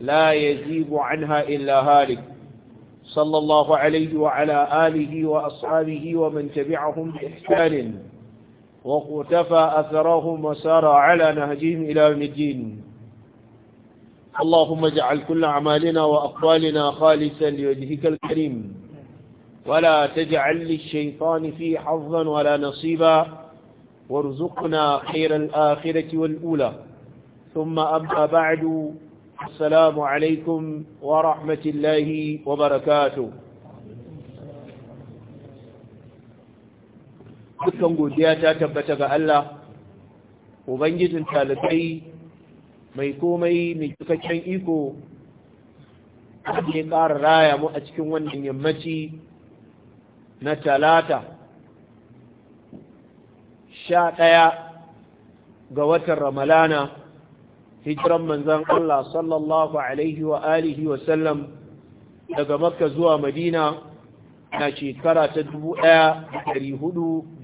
لا يجيب عنها إلا هالك صلى الله عليه وعلى آله وأصحابه ومن تبعهم بإحسان واقتفى أثرهم وسار على نهجهم إلى يوم الدين اللهم اجعل كل أعمالنا وأقوالنا خالصا لوجهك الكريم ولا تجعل للشيطان في حظا ولا نصيبا وارزقنا خير الآخرة والأولى ثم أما بعد السلام عليكم ورحمة الله وبركاته dukkan godiya ta tabbata ga Allah ubangijin talibai mai komai mai cikakken iko ne ƙara raya mu a cikin wannan yammaci na talata sha ɗaya ga watan ramalana hijiran manzan Allah sallallahu alaihi wa alihi sallam daga makka zuwa madina na shekara ta 1443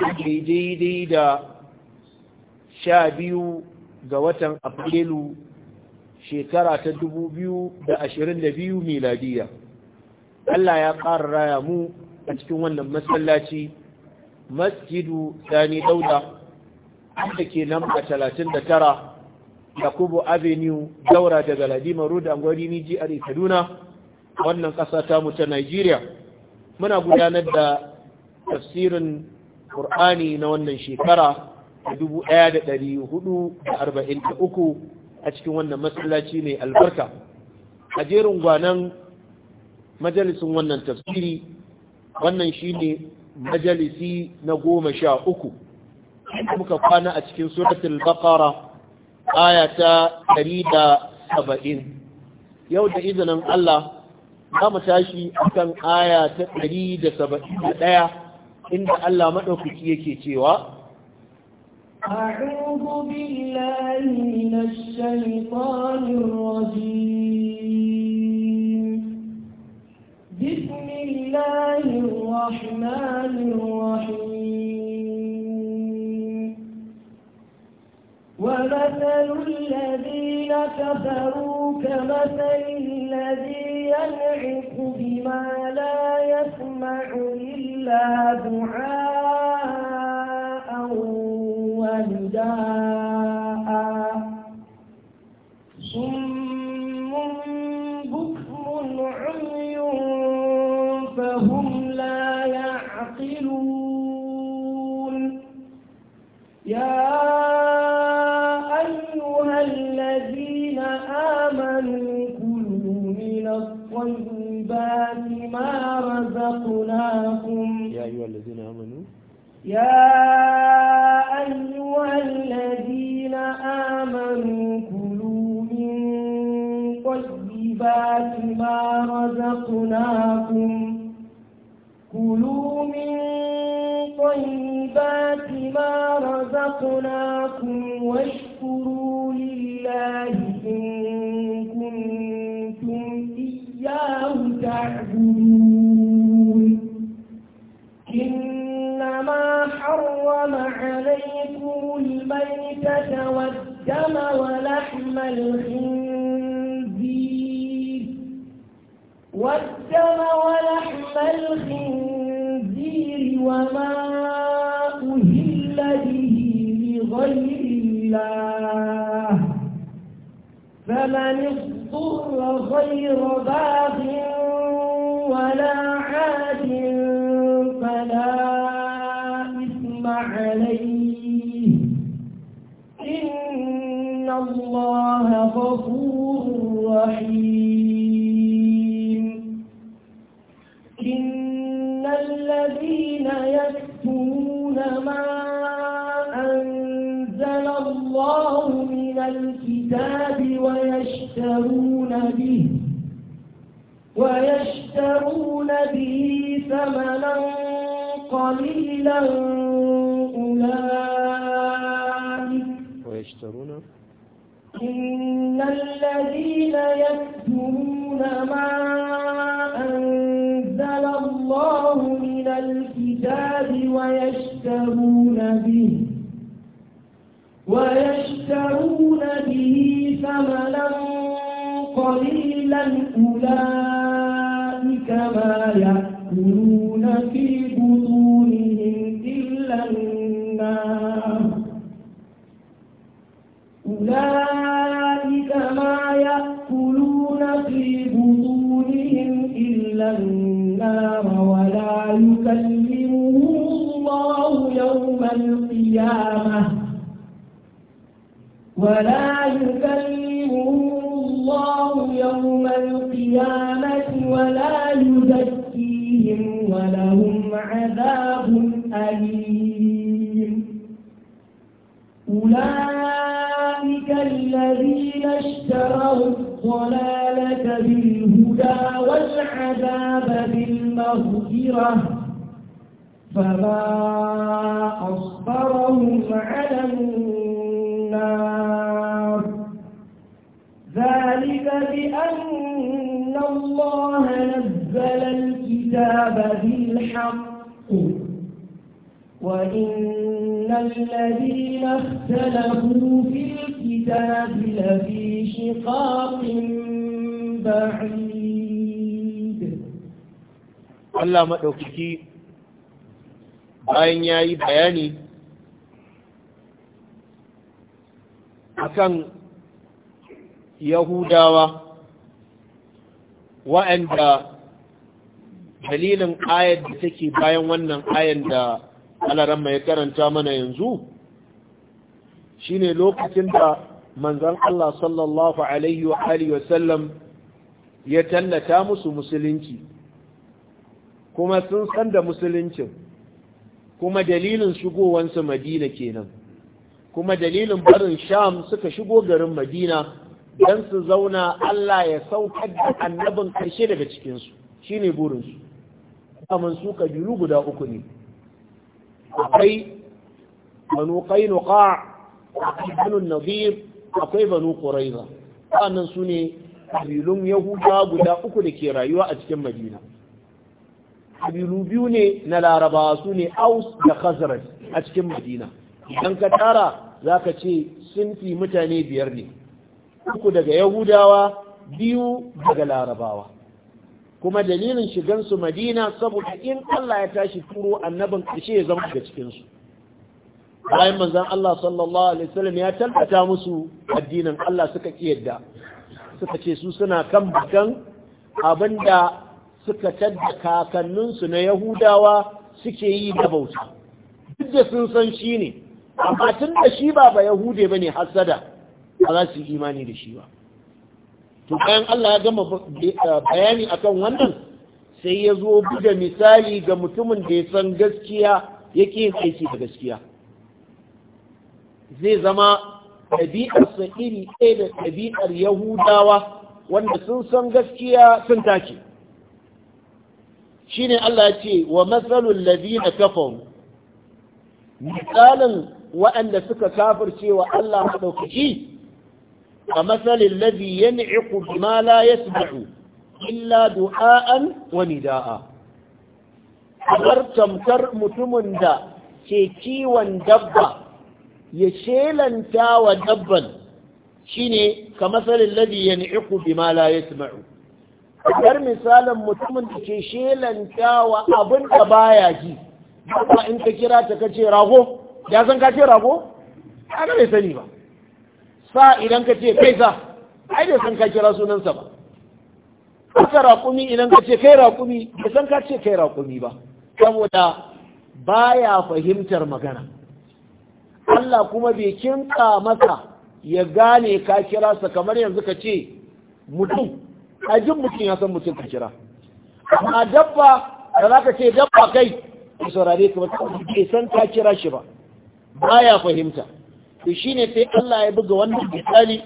daidai da sha biyu ga watan afrilu shekara ta 2022 miladiya Allah ya ƙara raya mu a cikin wannan masallaci masjidu sani dauda da ke nan a da yakubu avenue daura daga ladima da Angwani niji a kaduna wannan ƙasa ta ta nigeria muna gudanar da tafsirin ƙur'ani na wannan shekara a uku a cikin wannan matsalaci mai albarka a jerin gwanan majalisin wannan tafsiri wannan shi ne majalisi na goma sha uku muka kwana a cikin suratul baqara aya da 170 yau da izinin Allah za mu tashi akan aya ta 171 inda Allah madaukaki yake cewa أعوذ بالله من الشيطان الرجيم بسم الله الرحمن الرحيم ومثل الذين كفروا كمثل الذي ينعق بما لا يسمع إلا دعاء الخنزير والدم ولحم الخنزير وما أهل به لغير الله فمن اضطر غير باغ ولا غفور رحيم إن الذين يكتمون ما أنزل الله من الكتاب ويشترون به ويشترون به ثمنا قليلا أولئك إن الذين يكتمون ما أنزل الله من الكتاب ويشترون به ويشترون به ثمنا قليلا أولئك ما يأكلون في بطونهم إلا النار أولئك النار ولا يكلمه الله يوم القيامة ولا يكلمه الله يوم القيامة ولا يزكيهم ولهم عذاب أليم أولئك الذين اشتروا الضلالة بالهدى والعذاب بالمغفرة فما أصبرهم على النار ذلك بأن الله نزل الكتاب بالحق وإن الذين اختلفوا في الكتاب لفي شقاق بعيد bayan ya yi bayani akan yahudawa wa'anda dalilin ayar da take bayan wannan ayar da alaran mai karanta mana yanzu shine lokacin da manzon Allah sallallahu alaihi wa alihi wasallam ya tallata musu musulunci kuma sun san da musuluncin kuma dalilin shigowansu madina kenan kuma dalilin barin sham suka shigo garin madina don su zauna Allah ya saukar da annabin karshe daga cikinsu shine burinsu amin su jiru guda uku ne akwai banu qainuqa akwai banu nadir akwai banu quraiza su sune kabilun yahuda guda uku da ke rayuwa a cikin madina kabilu biyu ne na larabawa su ne aus da khazraj a cikin madina idan ka tara za ka ce sun fi mutane biyar ne uku daga yahudawa biyu daga larabawa kuma dalilin shigansu madina saboda in Allah ya tashi turo annabin ƙarshe ya zama daga cikinsu bayan manzan Allah sallallahu alaihi wasallam ya talbata musu addinin Allah suka kiyarda suka ce su suna kan bakan abinda suka tadda kakanninsu na Yahudawa suke yi da bauta duk da sun san shi ne amma tun da shi ba ba Yahude bane hasada ba za su yi imani da shi ba to bayan Allah ya gama bayani akan wannan sai ya zo buga misali ga mutumin da ya san gaskiya yake yin aiki da gaskiya zai zama ɗabi'ar iri ɗaya da ɗabi'ar yahudawa wanda sun san gaskiya sun tace shine Allah ya ce wa matsalul ladina kafaru misalin waɗanda suka kafircewa Allah maɗaukaki كمثل الذي ينعق بما لا يسمع إلا دعاء ونداء kamar tamkar mutumin da ke kiwon dabba ya shelanta wa dabban shine ka masalin ladi ya ni'iku bi ma la kamar misalin mutumin da ke shelanta wa abin da baya ji ba in ka kira ta kace rago ya san ka rago ka ga bai sani ba sa idan ka ce kai sa ai da san ka kira sunansa ba aka raƙumi idan ka ce kai raƙumi bai san ka ce kai raƙumi ba saboda baya fahimtar magana Allah kuma bai kinka masa ya gane ka kira sa kamar yanzu ka ce mutum a jin mutum ya san mutum ka kira amma dabba da za ka ce dabba kai ka saurare ka ba bai san ka kira shi ba baya fahimta to shine sai Allah ya buga wannan misali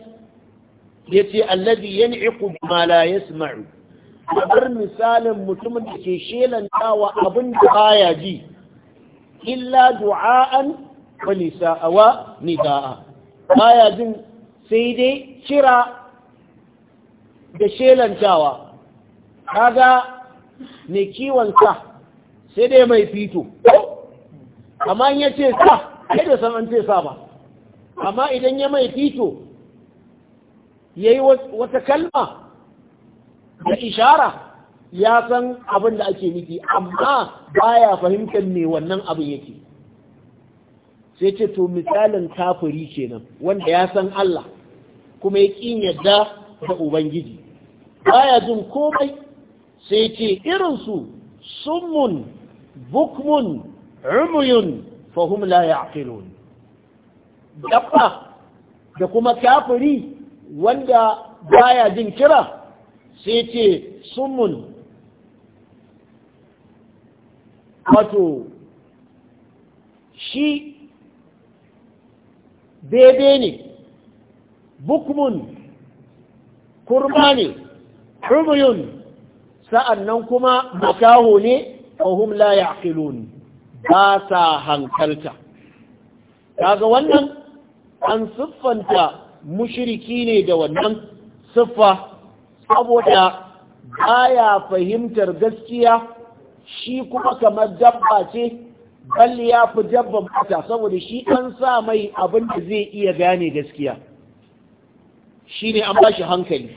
ya ni iku ma la yasma'u kamar misalin mutum da ke shelantawa abin da ya ji illa du'a'an wa nisa'a wa nida'a ya jin sai dai kira da shelantawa kaga ne kiwon sa sai dai mai fito amma in ya ce sa kai da san an ce sa ba amma idan ya mai fito ya yi wata kalma da ishara ya san abin da ake niki amma ba ya fahimtar me wannan abin yake sai ce to misalin kafiri kenan wanda ya san Allah kuma ya ƙin yadda da Ubangiji Ba ya jin komai sai ce irinsu summun bukmun umuyun fahum la ya'qilun dabba da kuma kafiri wanda baya jin kira sai ce summun wato shi bebe ne bukmun kurma ne Sa'an nan kuma makaho ne fahim la ya ba sa hankalta ga wannan an siffanta mushiriki ne da wannan siffa saboda baya fahimtar gaskiya shi kuma kamar dabba ce ban ya fi dabba mata saboda shi an sa mai abin da zai iya gane gaskiya shi ne an bashi hankali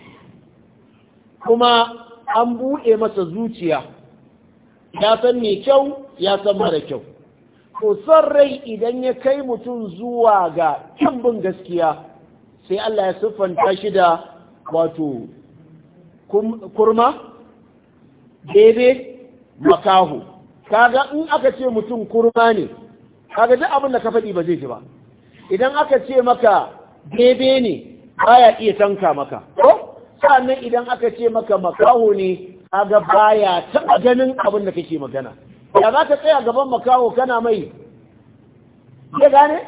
kuma an buɗe masa zuciya ya san mai kyau ya san mara kyau ko son rai idan ya kai mutum zuwa ga kyanbin gaskiya sai Allah ya siffanta shi da wato kurma bebe makahu kaga in aka ce mutum kurma ne kaga duk abin da ka faɗi ba zai ji ba idan aka ce maka bebe ne baya iya tanka maka ko sannan idan aka ce maka makahu ne kaga baya taɓa ganin abin da kake magana da za ka tsaya gaban makaho kana mai zai gane?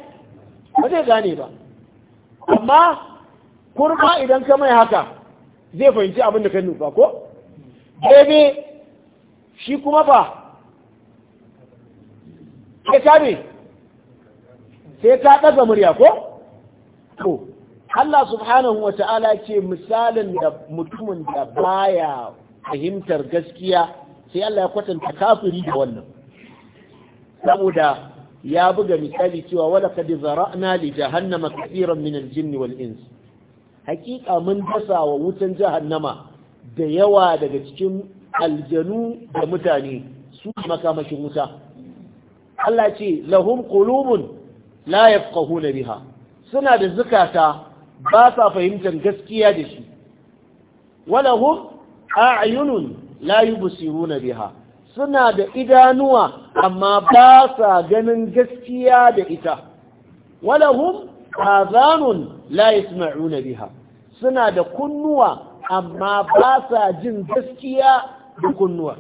ba zai gane ba amma kurma idan ka mai haka zai fahimci abin da ka nufa ko? daidai shi kuma ba sai ka ne sai ta ɗaga murya ko? to Allah subhanahu wa ta'ala ce misalin da mutumin da baya fahimtar gaskiya sai Allah ya kwatanta kafiri da wannan saboda ya buga misali cewa wala kad zara'na li jahannama kaseeran min al-jinni wal ins hakika mun dasa wa wutan jahannama da yawa daga cikin aljanu da mutane su makamashin wuta Allah ce lahum qulubun la yafqahuna biha suna da zukata ba sa fahimtar gaskiya da shi walahum a'yunun la yubsiruna biha suna da idanuwa amma ba sa ganin gaskiya da ita walahum azanun la yasma'una biha suna da kunnuwa amma ba sa jin gaskiya da kunnuwa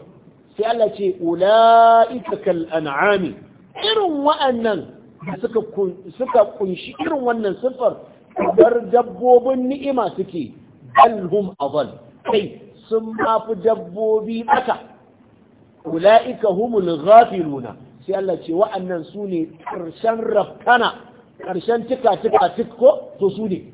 sai Allah ce ula'ika kal an'ami irin wa'annan suka suka kunshi irin wannan sifar bar dabbobin ni'ima suke balhum hum adall kai sun mafi dabbobi bata ula'ika humul ghafiluna sai Allah ce wa'annan su ne ƙarshen rafkana ƙarshen tika-tika ko to su ne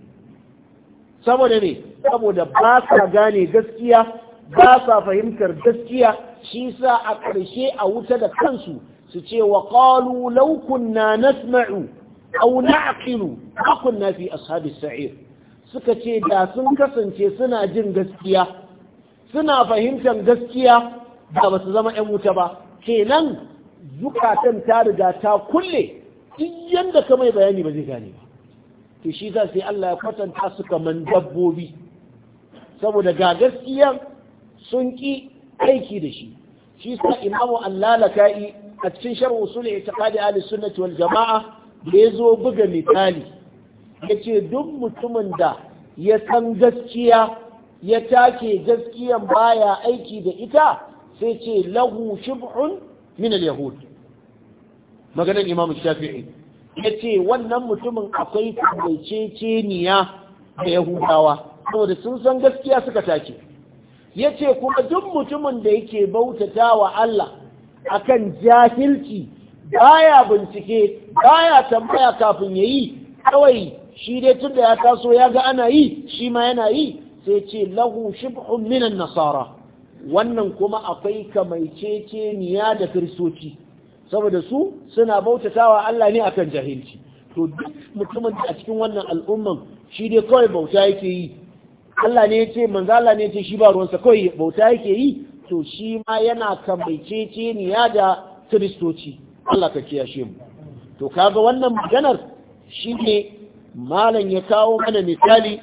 saboda ne saboda ba sa gane gaskiya ba sa fahimtar gaskiya shi sa a ƙarshe a wuta da kansu su ce wa ƙalu laukunna nasma'u au na'aqilu akunna fi ashabis sa'ir suka ce da sun kasance suna jin gaskiya suna fahimtar gaskiya da ba su zama 'yan wuta ba kenan zukatan ta riga ta kulle duk yadda ka mai bayani ba zai gane ba to shi za su yi Allah ya kwatanta su kaman dabbobi saboda ga gaskiya sun ƙi aiki da shi shi sa imamu Allah laka'i a cikin sharh usul i'tiqadi ahli sunnati wal jama'a da yazo buga misali yace duk mutumin da ya san gaskiya ya take gaskiyan baya aiki da ita sai ce lahu shib'un min al-yahud maganar imam shafi'i yace wannan mutumin akwai niya da yahudawa saboda sun san gaskiya suka take yace kuma duk mutumin da yake bautata wa Allah akan jahilci baya bincike baya tambaya kafin yayi kawai shi dai tunda ya taso ya ga ana yi shi ma yana yi sai ce lahu shibhun minan nasara wannan kuma akwai kamaicece niya da kristoci saboda su suna bautatawa Allah ne akan jahilci to duk mutumin da a cikin wannan al'umman shi dai kawai bauta yake yi Allah ne yace ce manzo Allah ne ya shi ba ruwansa kawai bauta yake yi to shi ma yana kamaicece niya da kristoci Allah ka kiyashe mu to kaga wannan maganar shi ne malam ya kawo mana misali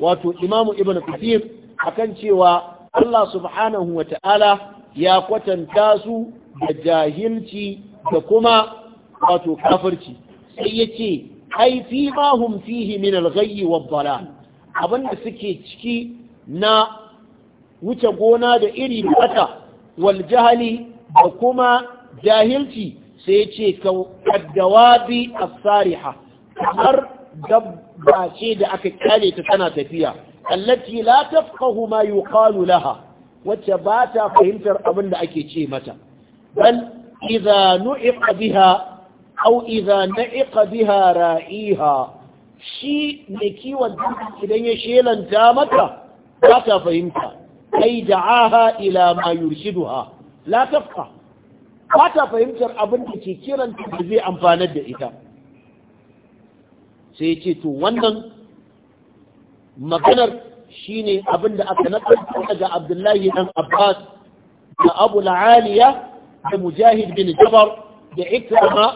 wato imamu ibn kathir akan cewa Allah subhanahu wa ta'ala ya kwatanta su da jahilci da kuma wato kafirci sai ya ce ai fi ma hum fihi min al-ghayyi wad abinda suke ciki na wuce gona da iri da waljahali wal jahali da kuma jahilci sai ya ce a as-sariha kamar dabba ce da aka kyale ta tana tafiya allati la tafqahu ma yuqalu laha wacce ba ta fahimtar abin da ake ce mata bal idza nu'iqa biha aw idza na'iqa biha ra'iha shi ne kiwon idan ya shelanta mata ba ta fahimta ai da'aha ila ma yurshiduha la tafqa ba ta fahimtar abin da ke kiranta da zai amfanar da ita sai ya ce to wannan maganar shine abin da aka nakalta daga Abdullahi dan Abbas da Abu Aliya da Mujahid bin Jabar da Ikrama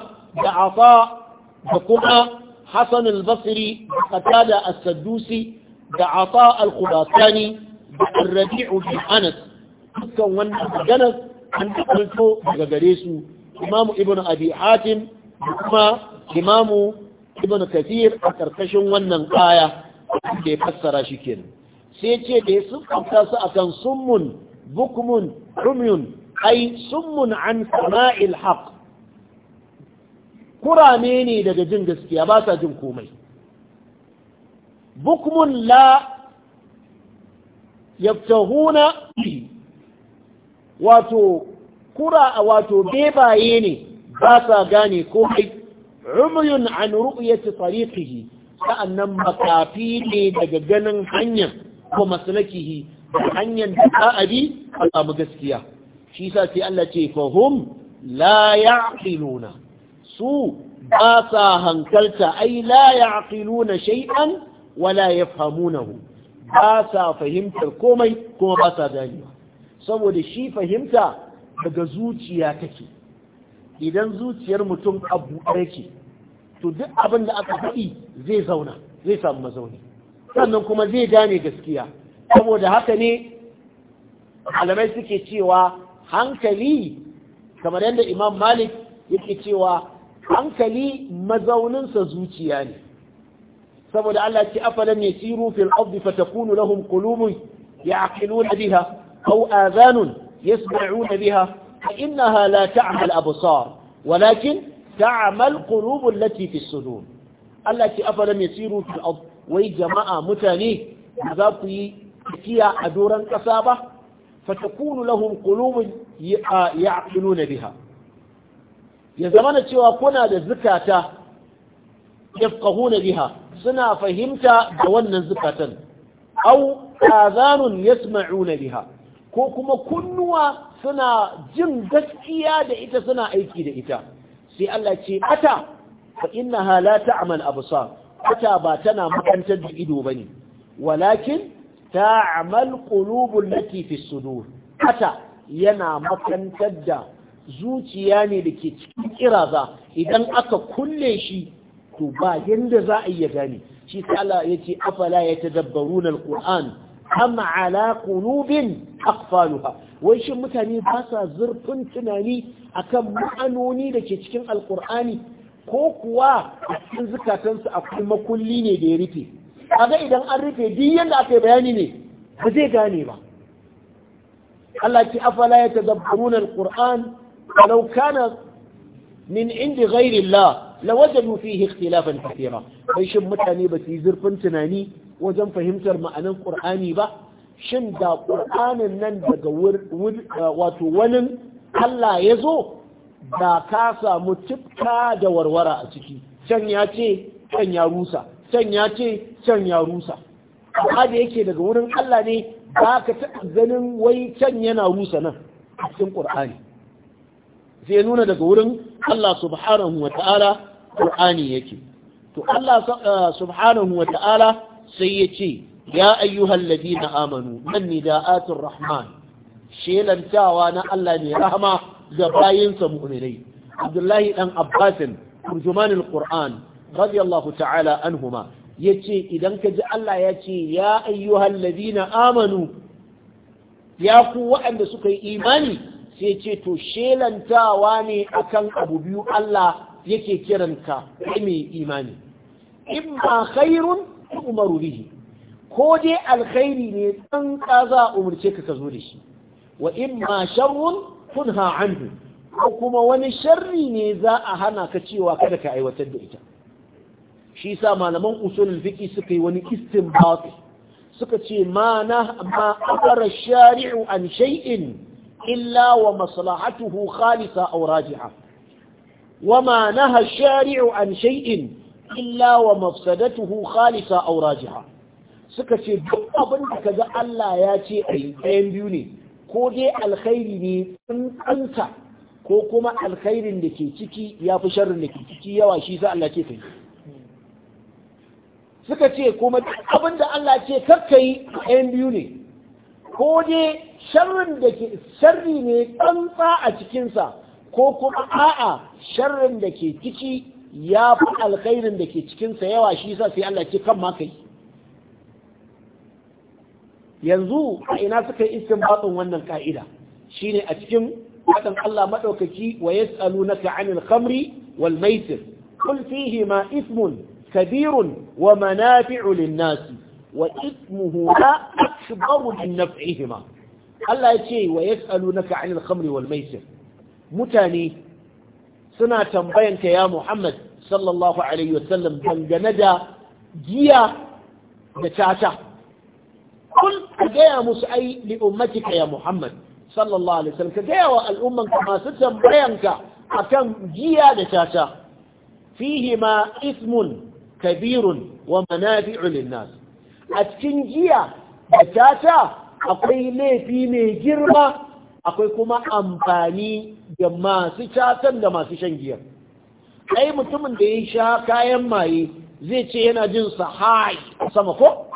da Afa da kuma Hassan al da Qatada as-Saddusi da Afa al da Rabi'u bin Anas dukkan wannan maganar an kalto daga gare su Imam Ibn Abi Hatim da kuma Imamu ibn kafir a karkashin wannan aya da fassara shi kenan sai ce da ya siffanta su akan summun bukmun rumyun ai summun an sama'il haq kurame ne daga jin gaskiya ba sa jin komai bukmun la yaftahuna wato kura wato bebaye ne ba sa gane komai umrun an ru'yati tariqihi sa'annan makafi ne daga ganin hanya ko maslakihi hanyar da za bi a samu gaskiya shi sa sai Allah ce fahum la ya'qiluna su ba sa hankalta ai la ya'qiluna shay'an wala ya nahu ba sa fahimtar komai kuma ba sa ganewa saboda shi fahimta daga zuciya take idan zuciyar mutum abu yake to duk abin da aka faɗi zai zauna zai samu mazauni sannan kuma zai gane gaskiya saboda haka ne alamai suke cewa hankali kamar yadda imam malik yake cewa hankali mazauninsa zuciya ne saboda Allah ce afalan yasiru fil ardi fatakunu lahum qulubun ya'qiluna biha aw azanun yasma'una biha فإنها لا تعمى الأبصار ولكن تعمى القلوب التي في الصدور التي أفلم يسيروا في الأرض ويجمع متاني ذاقي كيا أدورا كسابة فتكون لهم قلوب يعقلون بها ya zama da cewa kuna da zukata yafqahuna biha suna fahimta da wannan zukatan aw azanun yasma'una biha ko kuma kunnuwa suna jin gaskiya da ita suna aiki da ita sai Allah ce ata fa innaha la ta'mal absar ata ba tana makantar da ido bane walakin ta'mal qulubul lati fi sudur ata yana makantar da zuciya ne da ke cikin kiraza idan aka kulle shi to ba yanda za a iya gane shi sai Allah ya ce afala yatadabbaruna alquran am ala qulubin aqfaluha wai shin mutane ba zurfin tunani akan ma'anoni da ke cikin alqur'ani ko kuwa a cikin zukatansu akwai makulli ne da ya rufe kaga idan an rufe duk yanda aka bayani ne ba zai gane ba Allah ce afala ya tadabbaruna alquran walau kana min indi ghairi Allah lawajadu fihi ikhtilafan kathira bai shin mutane ba su yi zurfin tunani wajen fahimtar ma'anin ƙur'ani ba shin da ƙur'anin nan daga eh, wato wani Allah ya zo da ka samu tifka da warwara a ciki can ya ce can ya rusa can ya ce can ya rusa amma da yake daga wurin Allah ne ba ka taɓa ganin wai can yana rusa nan a cikin ƙur'ani zai nuna daga wurin Allah subhanahu wa ta'ala ƙur'ani yake to Allah eh, subhanahu wa ta'ala sai ya ce ya ayyuhal na amanu man nida'atul rahman shelantawa na Allah ne rahama ga bayinsa mu'minai Abdullahi dan Abbasin turjumanul Qur'an radiyallahu ta'ala anhuma yace idan ka ji Allah ya ce ya ayyuhal na amanu ya ku waɗanda suka yi imani sai ce to shelantawa ne akan abu biyu Allah yake kiranka kai mai imani imma khairun tu'maru bihi ko dai alkhairi ne dan ka za a ka zo da shi wa ma sharrun tunha anhu ko kuma wani sharri ne za a hana ka cewa kada ka aiwatar da ita shi yasa malaman usulul fiqi suka yi wani istinbat suka ce ma na ma aqara shari'u an shay'in illa wa maslahatuhu khalisa aw raji'a ma نهى الشارع عن شيء illa wa mafsadatuhu khalisa aw rajiha suka ce duk abin da kaga Allah ya ce a yi ɗayan biyu ne ko dai alkhairi ne tsantsanta ko kuma alkhairin da ke ciki ya fi sharrin da ke ciki yawa shi za Allah ce kai suka ce kuma duk abin da Allah ce kakka yi ɗayan biyu ne ko dai sharrin da ke sharri ne tsantsa a cikinsa ko kuma a'a sharrin da ke ciki ya fi alkhairin da ke cikinsa yawa shi sa sai Allah ce kan ma yanzu a ina suka yi istinbatun wannan ka'ida shine a cikin wadan Allah madaukaki wa yas'alunaka 'anil khamri wal maisir fihima Ismun kabirun wa manafi'u lin-nas wa ithmuhuma akbaru min naf'ihima Allah ya ce wa yas'alunaka 'anil khamri wal mutane suna tambayanta ya Muhammad sallallahu alaihi wasallam dangane da giya da tata kun ka gaya musu ai li ummatika ya Muhammad sallallahu alaihi wasallam ka gaya wa al'umma masu tambayanka akan giya da tata fihima ismun kabirun wa manafi'u linnas a cikin giya da tata akwai laifi mai girma akwai kuma amfani da masu shatan da masu shan giya ai mutumin da ya sha kayan maye zai ce yana jin sa hai sama ko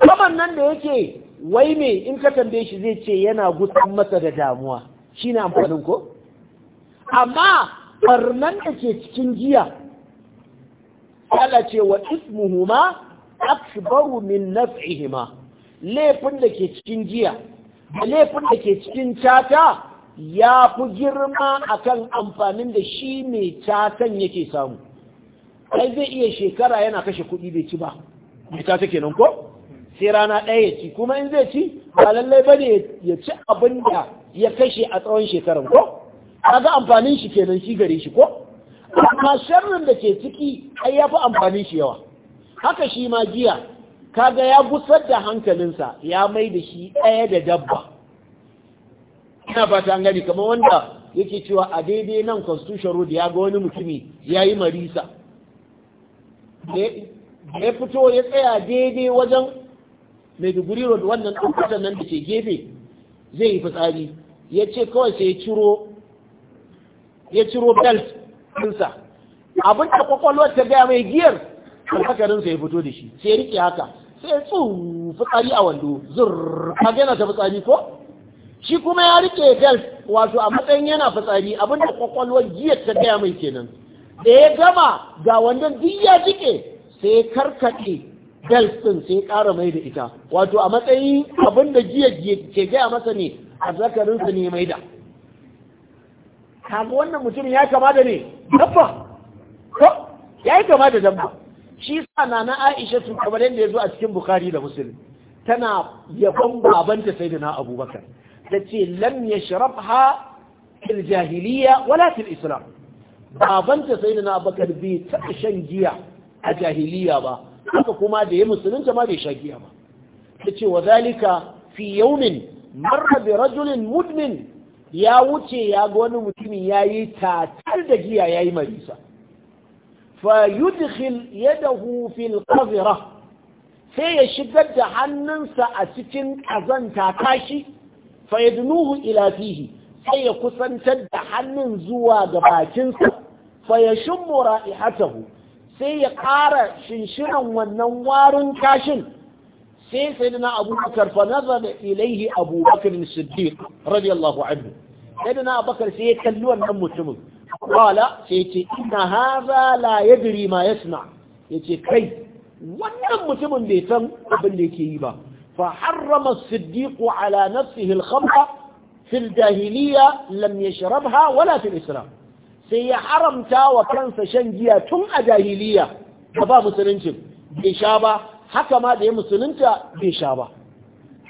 kaman nan da yake wai me in ka tambaye shi zai ce yana gusan masa da damuwa shine amfanin ko amma barnan da ke cikin giya ala ce wa ismuhuma akbaru min naf'ihima laifin da ke cikin jiya. da laifin da ke cikin cata ya fi girma a kan amfanin da shi mai catan yake samu ai zai iya shekara yana kashe kuɗi bai ci ba mai cata kenan ko sai rana ɗaya ya ci kuma in zai ci ba lallai ba ne ya ci abin da ya kashe a tsawon shekaran ko ga amfanin shi kenan shi gare shi ko amma sharrin da ke ciki ai ya fi amfanin shi yawa haka shi ma jiya. kaga ya busar da hankalinsa ya mai da shi ɗaya da dabba ina fata an gani kamar wanda yake cewa a daidai nan constitution road ya ga wani mutumi ya yi marisa ya fito ya tsaya daidai wajen maiduguri road wannan ɗan nan da ke gefe zai yi fitsari ya ce kawai sai ya ciro belt ɗinsa abin da kwakwalwar ta gaya mai giyar alhakarinsa ya fito da shi sai ya rike haka sai su fitsari a wando zur yana ta fitsari ko shi kuma ya rike gal wato a matsayin yana fitsari abinda kwakwalwar jiya ta gaya mai kenan da ya gama ga wandon duk ya jike sai ya karkaɗe gal ɗin sai ya ƙara mai da ita wato a matsayin abinda jiya ke gaya masa ne a zakarinsa ne mai da kaga wannan mutum ya kama da ne dabba ko ya yi kama da dabba shi sa na na aisha su kamar yadda ya zo a cikin bukari da musulun tana yabon babanta sai da na abubakar ta ce lam ya sharaf ha fil jahiliya wala fil islam babanta sai da na abubakar bai taɓa shan giya a jahiliya ba haka kuma da ya musulunta ma bai sha giya ba ta ce wa zalika fi yaumin marra bi rajulin mudmin ya wuce ya ga wani mutumin ya yi tatar da giya ya yi marisa fayudkhil yadahu fil qazira sai ya shigar da hannunsa a cikin kazanta kashi fayadnuhu ila fihi sai ya kusantar da hannun zuwa ga bakinsa fayashummu ra'ihatahu sai ya ƙara shinshinan wannan warin kashin sai sai abubakar fa nazara ilaihi abubakar siddiq radiyallahu anhu sai abubakar sai ya kalli wannan mutumin qala sai yace ina hadha la yadri ma yasna yace kai wannan mutumin bai san abin da yake yi ba fa harrama siddiƙu ala nafsihi al-khamra fi al-jahiliyya lam yashrabha wala fi al sai ya haramta wa kansa shan giya tun a jahiliyya da ba musulunci bai sha ba haka ma da ya musulunta bai sha ba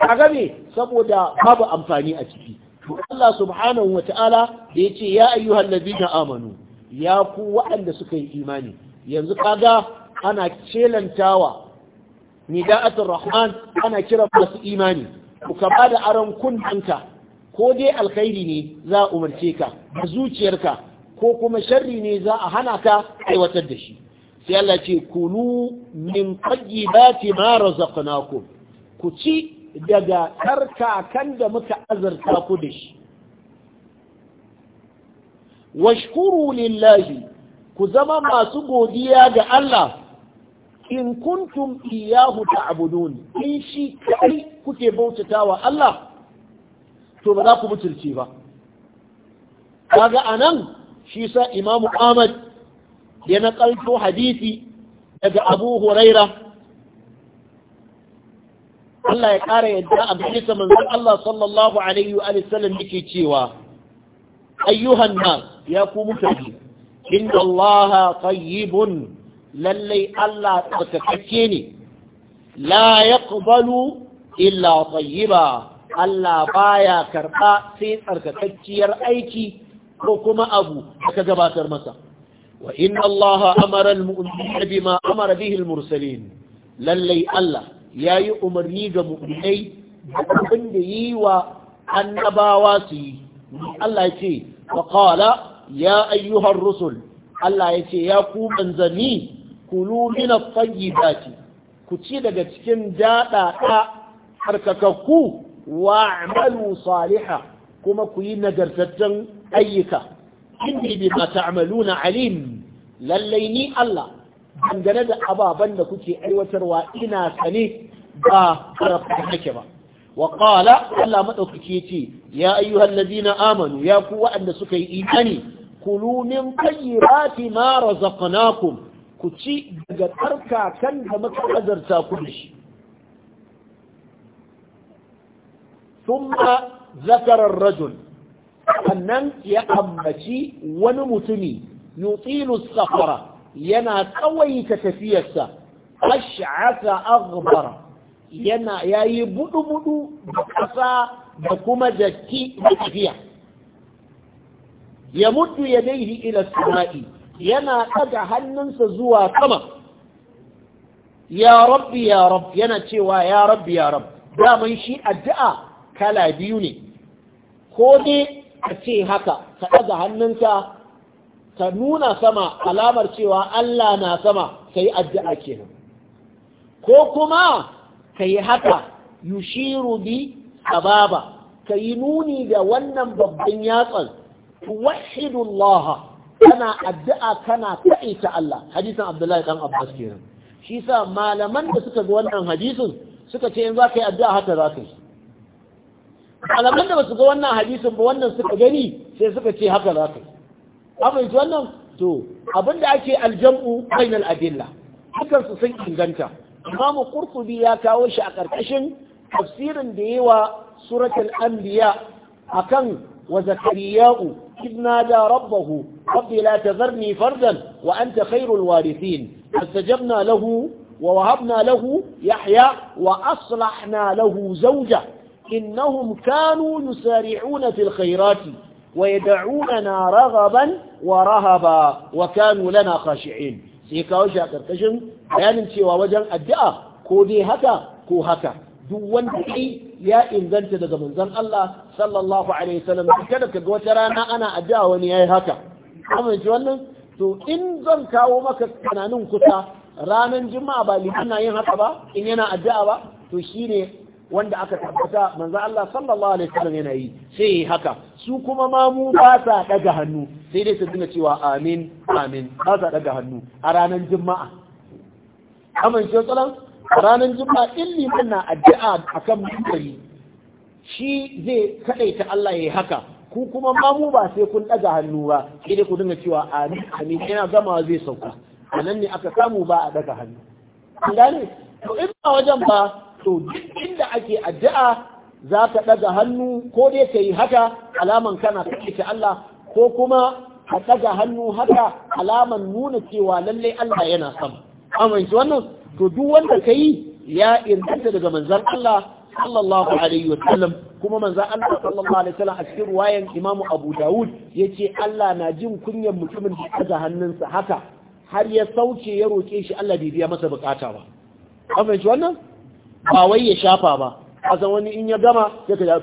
a game saboda babu amfani a ciki to Allah subhanahu wa ta'ala da ya ce ya ayyuhal ladina amanu ya ku waɗanda suka yi imani yanzu kaga ana celantawa nida'atul rahman ana kira masu imani ku ka bada aron kunnanka ko dai alkhairi ne za a umarce ka da zuciyarka ko kuma sharri ne za a hana ka aiwatar da shi sai Allah ce kulu min tayyibati ma razaqnakum ku ci daga karkakan da muka azarta ku da shi washkuru lillahi ku zama masu godiya ga Allah in kuntum iyahu ta'budun in shi kai kuke bautatawa Allah to ba za ku mutunci ba kaga anan shi sa imamu Ahmad ya nakalto hadisi daga Abu Huraira Allah ya ƙara yadda a bisa manzon Allah sallallahu alaihi wa sallam yake cewa ayyuhan nas ya ku mutane inna Allah tayyibun lallai Allah tsarkakakke ne la yaqbalu illa tayyiba Allah baya karɓa sai tsarkakakkiyar aiki ko kuma abu ka gabatar masa wa inna Allah amara al-mu'minina bima amara bihi al-mursalin lallai Allah ya yi umarni ga mu'minai abin da yi wa annabawa su yi Allah ya ce faƙala ya ayyuhar rusul Allah ya ce ya ku manzanni kulu min at-tayyibati ku ci daga cikin daɗaɗa harkakakku wa amalu saliha kuma ku yi nagartattun ayyuka inni bima ta'maluna alim lallai ni Allah dangane da ababen da kuke aiwatarwa ina sane ba harafin nake ba wa qala Allah madaukake ce ya ayyuhal ladina amanu ya ku waɗanda suka yi imani kulu min tayyibati ma razaqnakum ku ci daga tsarkakan da muka azarta ku da shi thumma zakara ar-rajul annan ya ambaci wani mutumi yutilu safara yana tsawaita tafiyarsa ash'asa agbar yana yayi budu-budu da ƙasa da kuma datti da tafiya ya mutu ya daihi ila sama'i yana ɗaga hannunsa zuwa sama ya rabbi ya rabbi yana cewa ya rabbi ya rabbi daman shi addu'a kala biyu ne ko ne a ce haka ka ɗaga hannunka ka nuna sama alamar cewa Allah na sama ka yi addu'a kenan ko kuma ka yi haka yushiru bi sababa ka yi nuni da wannan babban yatsan tuwahidullah kana addu'a kana ta'ita Allah hadisin Abdullahi kan Abbas kenan shi sa malaman da suka ga wannan hadisin suka ce in za ka yi addu'a haka za ka yi malaman da ba su ga wannan hadisin ba wannan suka gani sai suka ce haka za ka yi amma yanzu wannan to abinda ake aljam'u bainal adilla dukkan su sun inganta imamu qurtubi ya kawo shi a karkashin tafsirin da yawa suratul anbiya akan wa zakariya'u idna da rabbahu rabbi la tazarni fardan wa anta khairul warithin fastajabna lahu lahu, له Wa وأصلحنا lahu, زوجة إنهم كانوا يسارعون في الخيرات ويدعوننا رغبا ورهبا وكانوا لنا خاشعين سيكاو شا كركشن بيان cewa wajen addu'a ko dai haka ko haka duk wanda ya inganta daga manzon Allah sallallahu alaihi wasallam kada ka ga wata rana ana addu'a wani yayi haka amma ji wannan to in zan kawo maka kananin kusa ranar juma'a ba limana yin haka ba in yana addu'a ba to shine wanda aka tabbata manzo Allah sallallahu alaihi wasallam yana yi sai haka su kuma ma mu ba sa daga hannu sai dai su dinga cewa amin amin ba sa daga hannu a ranar juma'a amince tsalan ranar juma'a in liman na addu'a akan mutane. shi zai kadaita Allah yayi haka ku kuma ma mu ba sai kun daga hannu ba sai dai ku dinga cewa amin amin yana gama zai sauka nan ne aka samu ba a daga hannu an gane to in ba wajen ba to duk inda ake addu'a za ka ɗaga hannu ko dai ka yi haka alaman kana ta Allah ko kuma ka ɗaga hannu haka alaman nuna cewa lallai Allah yana sama amince wannan to duk wanda ka yi ya inganta daga manzan Allah sallallahu alaihi wa sallam kuma manzan Allah sallallahu alaihi wa sallam a cikin ruwayan Imam Abu Dawud yace Allah na jin kunyan mutumin da ɗaga hannunsa haka har ya sauke ya roƙe shi Allah bai biya masa bukata ba amince wannan ba wai ya shafa ba a san wani in ya gama ya kada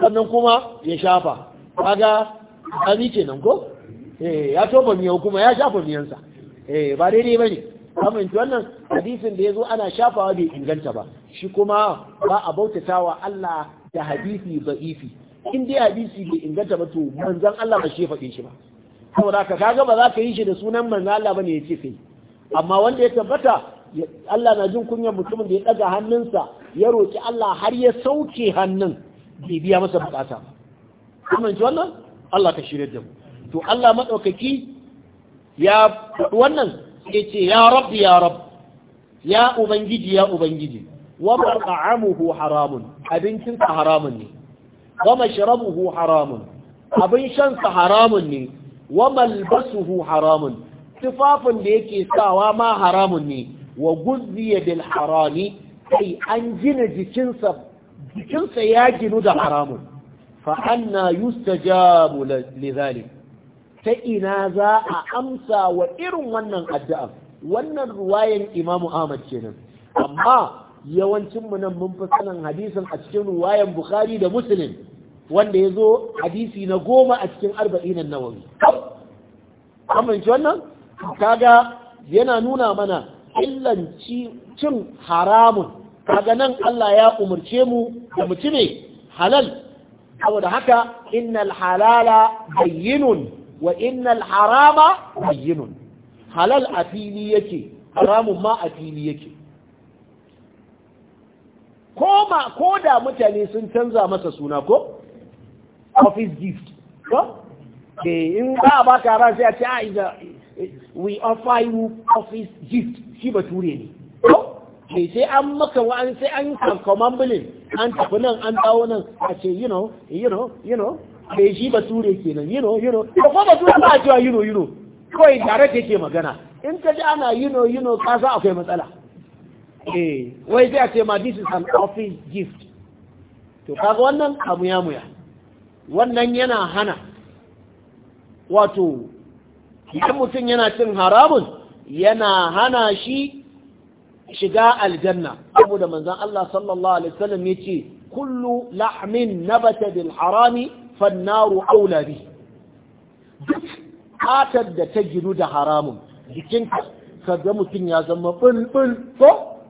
sannan kuma ya shafa kaga ce nan ko eh ya tofa miya kuma ya shafa miyansa eh ba daidai bane amince wannan hadisin da yazo ana shafawa bai inganta ba shi kuma ba a bautatawa Allah da hadisi da'ifi in dai hadisi bai inganta ba to manzon Allah ba shi faɗe shi ba saboda ka kaga ba za ka yi shi da sunan manzon Allah bane ce kai amma wanda ya tabbata Allah na jin kunyar mutumin da ya ɗaga hannunsa ya roƙi Allah har ya sauke hannun bai biya masa bukata kuma ji wannan Allah ka shirya da mu to Allah madaukaki ya wannan yace ya rabbi ya rabbi. ya ubangiji ya ubangiji wa mat'amuhu haramun abincin sa haramun ne wa mashrabuhu haramun abin shan sa haramun ne wa malbasuhu haramun tufafin da yake sawa ma haramun ne wa guzziya bil harami kai an gina jikinsa jikinsa ya ginu da haramun fa anna yustajabu li ta ina za a amsa wa irin wannan addu'a wannan ruwayan Imam Ahmad kenan amma yawancin mu nan mun fi sanin hadisin a cikin ruwayan Bukhari da Muslim wanda ya zo hadisi na goma a cikin arba'in nawawi amince wannan kaga yana nuna mana illanci cin haramun kaga nan Allah ya umarce mu da mutume ne halal saboda haka innal halala bayyinun wa innal harama bayyinun halal a fili yake haramun ma a fili yake ma ko da mutane sun canza masa suna ko office gift ko eh, in ba a baka ran sai a ce ah, a we offer you office gift shi bature ne me sai an maka an sai an kankoman bilin an tafi nan an dawo nan a ce you know you know you know me shi bature kenan you know you know ko bature ba a cewa you know you know in tare ke magana in ka ji ana you know you know ka sa akwai matsala eh wai sai a ce ma this is an office gift to kaga wannan abu ya muya wannan yana hana wato idan mutum yana cin haramun yana hana shi shiga aljanna saboda manzon Allah sallallahu alaihi wasallam yace kullu lahmin nabata bil harami fannaru aulari duk katar da ta ginu da haramun jikin ka mutum ya zama bulbul ko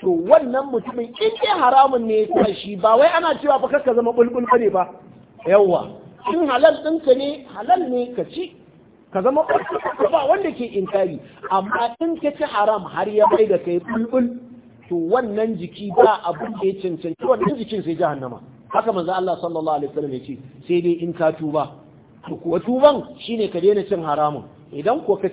to wannan mutumin in haramun ne ya shi ba wai ana cewa ba ka zama bulbul bane ba yawa in halal ɗinka ne halal ne ka ci ka zama ba wanda ke inkari amma in ka ci haram har ya bai da kai bulbul to wannan jiki ba abin da cancanci wannan jikin sai jahannama haka manzo Allah sallallahu alaihi wasallam yace sai dai in ka tuba to kuwa tuban shine ka daina cin haramun idan ko ka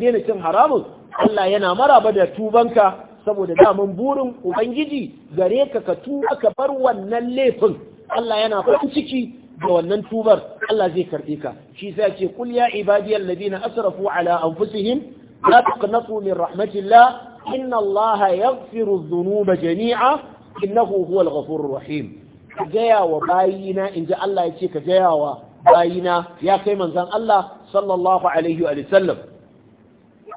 daina cin haramun Allah yana maraba da tubanka saboda daman burin ubangiji gare ka ka tuba ka bar wannan laifin Allah yana farin ciki da wannan tubar Allah zai karbe ka shi sai ce kul ya ibadiyal ladina asrafu ala anfusihim la taqnatu min rahmatillah inna Allah yaghfiru dhunuba jami'a innahu huwal ghafurur rahim gaya wa bayina inji Allah ce ka gaya wa bayina ya kai manzon Allah sallallahu alaihi wa sallam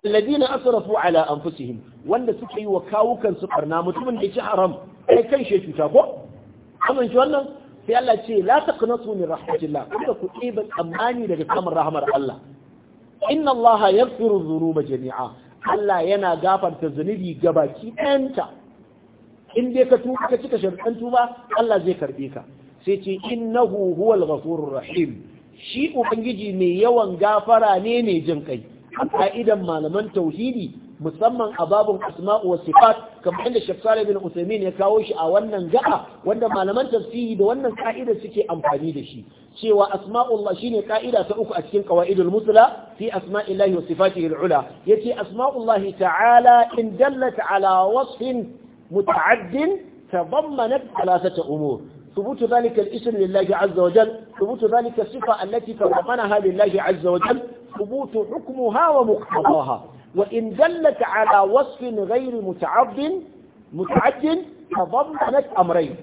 alladina asrafu ala anfusihim wanda suka yi wa kawukan su barna mutumin da yake haram kai kan shi cuta ko amince wannan sai Allah ce la taqnatu min rahmatillah kada ku ɗiba tsammani daga kamar rahmar Allah inna Allah yaghfiru dhunuba jami'a Allah yana gafarta zunubi gabaki ɗanta in dai ka tuba ka cika sharɗan tuba Allah zai karɓe ka sai ce innahu huwal ghafurur rahim shi ubangiji mai yawan gafara ne mai jin kai a ka'idan malaman tauhidi musamman a babun asma'u wa sifat kamar inda Sheikh Saleh bin Uthaymeen ya kawo shi a wannan gaba wanda malaman tafsiri da wannan ka'ida suke amfani da shi cewa asma'ullah shine ka'ida ta uku a cikin qawaidul musla fi asma'illahi wa sifatihi al-ula yace asma'ullah ta'ala in dallat ala wasfin muta'addin tadammanat thalathata umur ثبوت ذلك الاسم لله عز وجل ثبوت ذلك الصفة التي تضمنها لله عز وجل ثبوت حكمها ومقتضاها وإن دلت على وصف غير متعد متعد تضمنت أمرين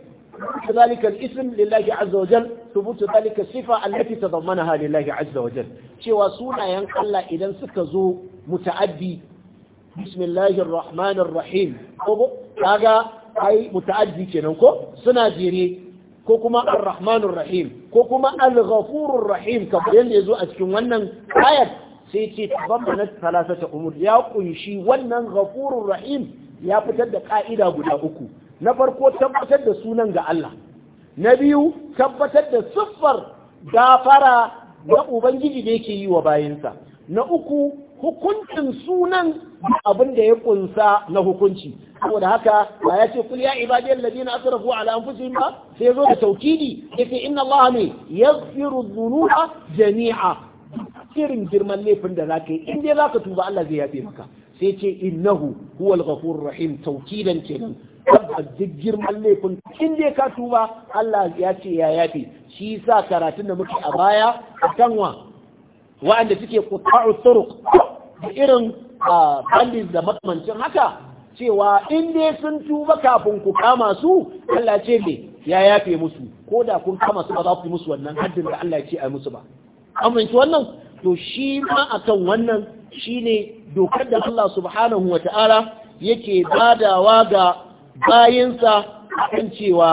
ذلك الاسم لله عز وجل ثبوت ذلك الصفة التي تضمنها لله عز وجل شوى سونا ينقل إذا سكزو متعدي بسم الله الرحمن الرحيم كاغا أي متعدي كننكو سناجيري ko kuma ar-rahmanur rahim ko kuma al-ghafurur rahim kamar yadda yazo a cikin wannan ayat sai ce tabammanat salasata umur ya kunshi wannan ghafurur rahim ya fitar da ka'ida guda uku na farko tabbatar da sunan ga Allah na biyu tabbatar da siffar gafara na ubangiji da yake yi wa bayansa na uku hukuncin sunan abin da ya kunsa na hukunci saboda haka ba ya ce kul ya ibadi alladhina asrafu ala anfusihim ba sai zo da tawkidi yace inna allaha ne yaghfiru dhunuba jami'a irin girman laifin da za ka yi in dai za ka tuba Allah zai yafe maka sai ce innahu huwal ghafurur rahim tawkidan kenan tabbas duk girman laifin in dai ka tuba Allah ya ce ya yafe shi sa karatun da muke a baya akan wa wa'anda suke quta'u turuq da irin bandits da makamancin haka cewa in dai sun tuba kafin ku kama su Allah ce me ya yafe musu ko da kun kama su ba za ku musu wannan haddin da Allah ya ce a musu ba amince wannan to shi ma kan wannan shi ne dokar da Allah subhanahu wa ta'ala yake badawa ga bayinsa kan cewa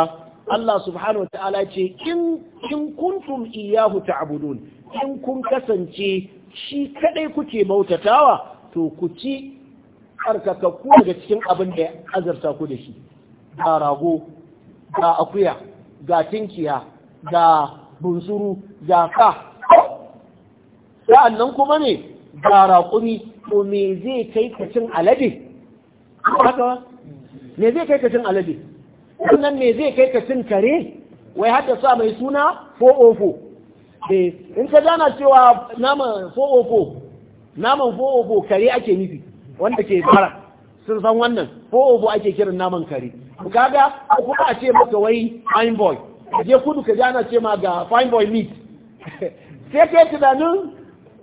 Allah subhanahu wa ta'ala ce in in kuntum iyyahu ta'budun in kun kasance shi kadai kuke bautatawa to ku ci karkakakku daga cikin abin da ya azarta ku da shi ga rago ga akuya ga tinkiya ga bunsuru ga ka sa'annan kuma ne ga raƙumi to me zai kai ka cin alade haka me zai kai ka cin alade sannan me zai kai ka cin kare wai hada sa mai suna 404 eh in ka gana cewa naman 404 naman 404 kare ake nufi wanda ke fara? sun san wannan 404 ake kiran naman kare kaga ko a ce maka wai fine boy je kudu ka gana ce ma ga fine boy meat sai kai tunanin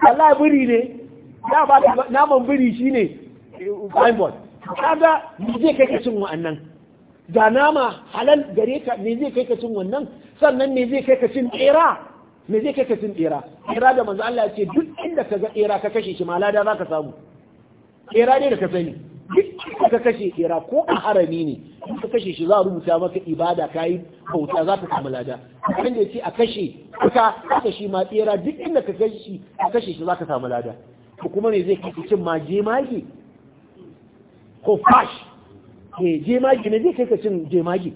Allah biri ne ya ba naman biri shine fine kaga ne zai kai kacin wa'annan ga nama halal gare ka me zai kai kacin wannan sannan me zai kai kacin tsera, tsira me zai kai kacin tsera. Tsera da manzo Allah ce duk inda ka ga tsera ka kashe shi ma lada za ka samu Tsera ne da ka sani duk inda ka kashe tsera ko a harami ne ka kashe shi za a rubuta maka ibada ka yi bauta za ka samu lada abin da ce a kashe kuka haka shi ma tsera duk inda ka kashe shi a kashe shi ka samu lada ko kuma ne zai kai cin ma jemage ko fash eh jemage ne zai kai ka cin jemage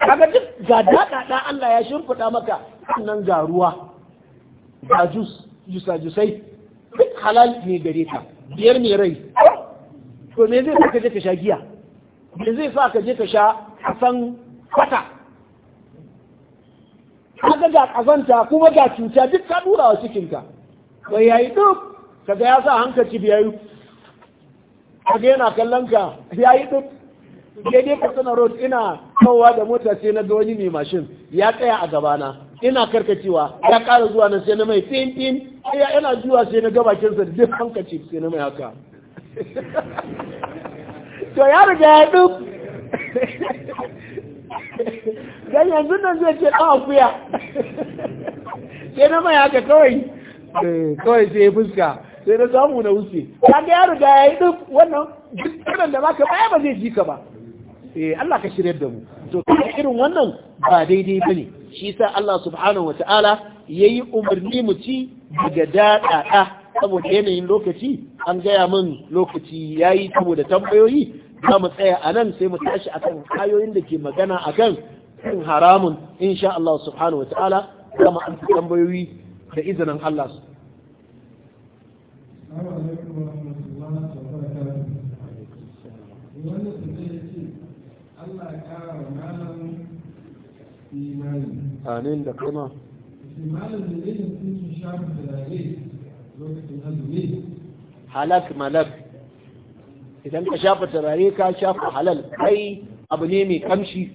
kaga duk ga daɗaɗa Allah ya shimfida maka sannan ga ruwa ga jus jusa jusai duk halal ne gare ka biyar ne rai to me zai kai ka je ka sha giya me zai sa ka je ka sha san kwata haka ga kazanta kuma ga cuta duk ka dura wa ka bai yayi duk kaga ya sa hankaci biyayu kaga yana kallon ka yayi duk ka katsina road ina kowa da mota sai na ga wani mai mashin ya tsaya a gaba na ina karkacewa ya kara zuwa nan sai na mai tin tin ya yana zuwa sai na gabakinsa da duk hankaci sai na mai haka to ya riga ya duk dan yanzu nan zai ce ɗan akuya sai na mai haka kawai eh, kawai sai ya fuska sai na samu na wuce kaga ya riga ya yi duk wannan jikin da baka baya ba zai ji ka ba eh, Allah ka shirya da mu to irin wannan ba daidai ba ne. shi sa Allah subhanahu ya yi umarni mu ci daga daɗaɗa saboda yanayin lokaci an gaya min lokaci ya yayi saboda tambayoyi za mu tsaya a nan sai mu tashi akan kayoyin da ke magana akan kan haramun insha Allah subhanahu wataala za mu amsa tambayoyi da izinin Allah su Amin da kuma. Halak malak idan ka shafa turare ka shafa halal kai abu ne mai kamshi